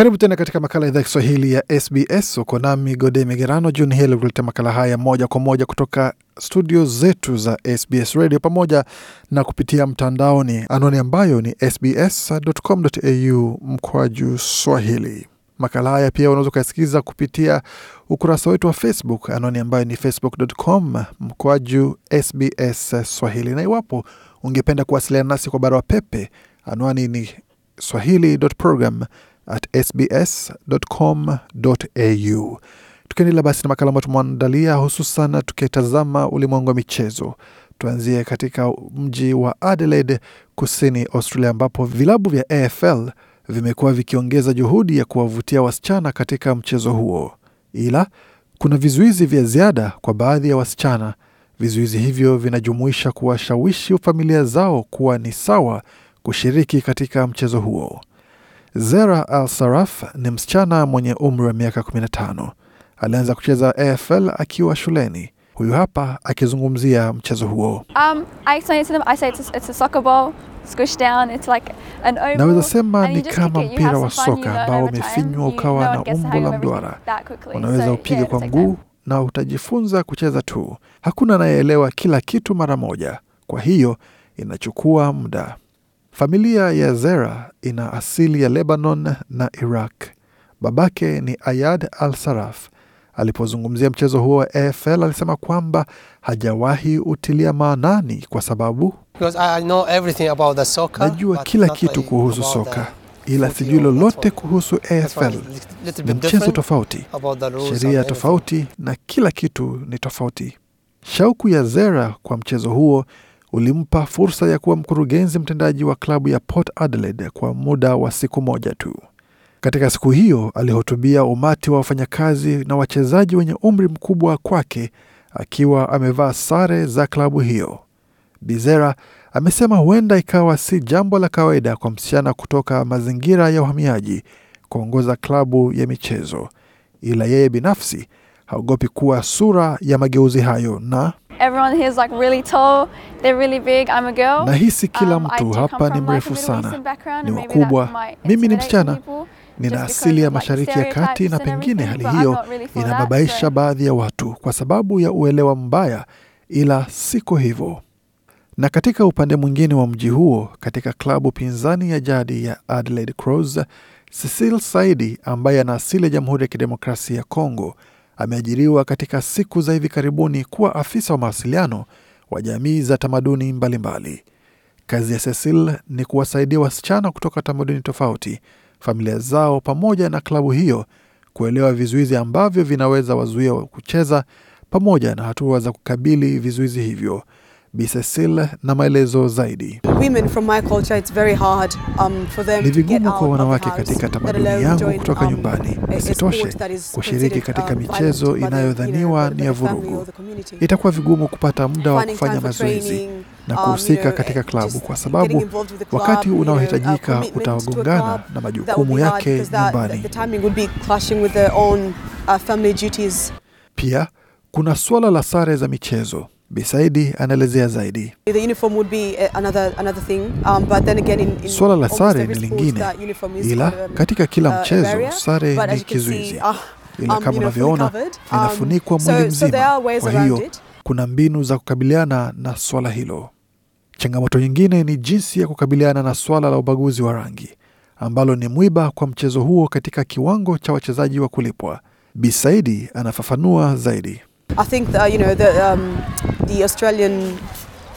Karibu tena katika makala ya idhaa ya Kiswahili ya SBS. Uko nami Gode Migerano Juni hili kuleta makala haya moja kwa moja kutoka studio zetu za SBS Radio pamoja na kupitia mtandaoni, anwani ambayo ni sbs.com.au mkwaju swahili. Makala haya pia unaweza ukasikiliza kupitia ukurasa wetu wa Facebook, anwani ambayo ni facebook.com mkwaju SBS Swahili. Na iwapo ungependa kuwasiliana nasi kwa barua pepe, anwani ni swahili at sbs.com.au. Tukiendelea basi na makala ambayo tumeandalia, hususan tukitazama ulimwengu wa michezo. Tuanzie katika mji wa Adelaide kusini Australia, ambapo vilabu vya AFL vimekuwa vikiongeza juhudi ya kuwavutia wasichana katika mchezo huo, ila kuna vizuizi vya ziada kwa baadhi ya wasichana. Vizuizi hivyo vinajumuisha kuwashawishi familia zao kuwa ni sawa kushiriki katika mchezo huo. Zera Al-Saraf ni msichana mwenye umri wa miaka 15. Alianza kucheza AFL akiwa shuleni. Huyu hapa akizungumzia mchezo huo. Um, like naweza sema ni kama mpira wa soka ambao umefinywa ukawa na umbo la mduara. Unaweza upiga kwa mguu na utajifunza kucheza tu. Hakuna anayeelewa kila kitu mara moja, kwa hiyo inachukua muda. Familia ya Zera ina asili ya Lebanon na Iraq. Babake ni Ayad Al Saraf. Alipozungumzia mchezo huo wa AFL alisema kwamba hajawahi utilia maanani kwa sababu najua kila kitu kuhusu soka ila sijui lolote kuhusu AFL. Ni mchezo tofauti, sheria tofauti, na kila kitu ni tofauti. Shauku ya Zera kwa mchezo huo ulimpa fursa ya kuwa mkurugenzi mtendaji wa klabu ya Port Adelaide kwa muda wa siku moja tu. Katika siku hiyo alihutubia umati wa wafanyakazi na wachezaji wenye umri mkubwa kwake akiwa amevaa sare za klabu hiyo. Bizera amesema huenda ikawa si jambo la kawaida kwa msichana kutoka mazingira ya uhamiaji kuongoza klabu ya michezo, ila yeye binafsi haogopi kuwa sura ya mageuzi hayo na Everyone here is like really tall. They're really big. I'm a girl. Nahisi um, kila mtu um, hapa ni mrefu like sana, ni wakubwa. Mimi ni msichana, nina asili ya Mashariki ya Kati na pengine hali hiyo really inababaisha baadhi ya watu kwa sababu ya uelewa mbaya, ila siko hivyo. Na katika upande mwingine wa mji huo, katika klabu pinzani ya jadi ya Adelaide Crows, cecil Saidi ambaye ana asili ya Jamhuri ya Kidemokrasia ya Kongo ameajiriwa katika siku za hivi karibuni kuwa afisa wa mawasiliano wa jamii za tamaduni mbalimbali mbali. Kazi ya Cecil ni kuwasaidia wasichana kutoka tamaduni tofauti, familia zao, pamoja na klabu hiyo kuelewa vizuizi ambavyo vinaweza wazuia kucheza pamoja na hatua za kukabili vizuizi hivyo. Bisesil na maelezo zaidi. Ni vigumu kwa wanawake katika tamaduni yangu um, kutoka nyumbani. Isitoshe, kushiriki katika michezo inayodhaniwa ni ya vurugu, itakuwa vigumu kupata muda wa kufanya mazoezi na um, kuhusika katika klabu kwa sababu wakati unaohitajika utagongana na majukumu yake nyumbani. Uh, Pia kuna suala la sare za michezo. Bisaidi anaelezea zaidi. Eh, um, swala la sare ni lingine, ila katika kila uh, mchezo sare ni kizuizi ah, ila um, kama unavyoona um, inafunikwa mwili mzima kwa hiyo kuna mbinu za kukabiliana na swala hilo. Changamoto nyingine ni jinsi ya kukabiliana na swala la ubaguzi wa rangi ambalo ni mwiba kwa mchezo huo katika kiwango cha wachezaji wa kulipwa. Bisaidi anafafanua zaidi. I think that you know the, um, the Australian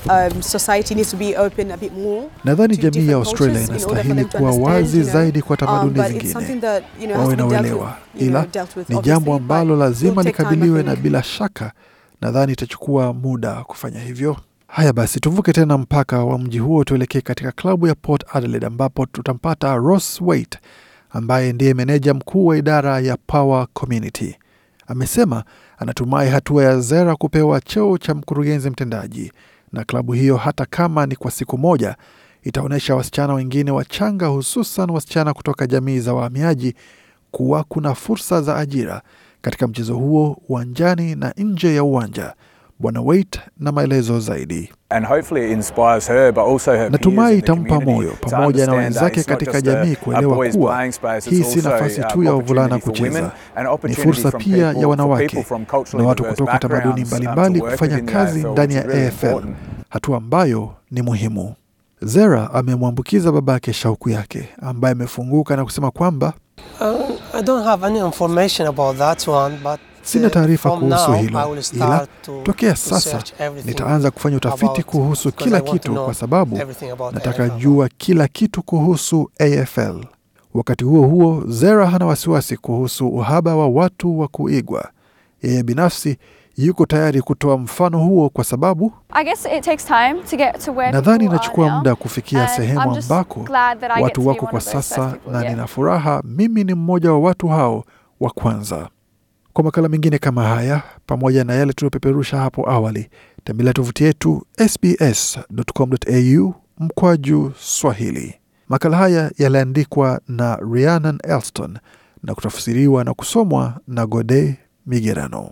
Um, society needs to be open a bit more. Nadhani jamii ya Australia inastahili kuwa wazi zaidi kwa um, tamaduni zingine you wawe na uelewa, ila ni jambo ambalo lazima likabiliwe na bila shaka nadhani itachukua muda kufanya hivyo. Haya basi, tuvuke tena mpaka wa mji huo, tuelekee katika klabu ya Port Adelaide ambapo tutampata Ross Waite ambaye ndiye meneja mkuu wa idara ya Power Community amesema anatumai hatua ya Zera kupewa cheo cha mkurugenzi mtendaji na klabu hiyo, hata kama ni kwa siku moja, itaonyesha wasichana wengine wachanga, hususan wasichana kutoka jamii za wahamiaji, kuwa kuna fursa za ajira katika mchezo huo uwanjani na nje ya uwanja. Bwana Wait na maelezo zaidi. Natumai itampa moyo pamoja na wenzake katika jamii kuelewa kuwa hii si nafasi tu ya wavulana kucheza, ni fursa pia ya wanawake na watu kutoka tamaduni uh, mbalimbali kufanya kazi ndani ya AFL, hatua ambayo ni muhimu. Zera amemwambukiza babake shauku yake, ambaye amefunguka na kusema kwamba uh, Sina taarifa kuhusu hilo, ila tokea sasa nitaanza kufanya utafiti kuhusu kila kitu, kwa sababu nataka jua kila kitu kuhusu AFL. Wakati huo huo, Zera hana wasiwasi kuhusu uhaba wa watu wa kuigwa. Yeye binafsi yuko tayari kutoa mfano huo kwa sababu nadhani inachukua muda kufikia sehemu ambako watu wako kwa sasa, na nina furaha mimi ni mmoja wa watu hao wa kwanza. Kwa makala mengine kama haya pamoja na yale tuliyopeperusha hapo awali, tembelea tovuti yetu sbs.com.au mkwaju Swahili. Makala haya yaliandikwa na Rhiannon Elston na kutafsiriwa na kusomwa na Gode Migerano.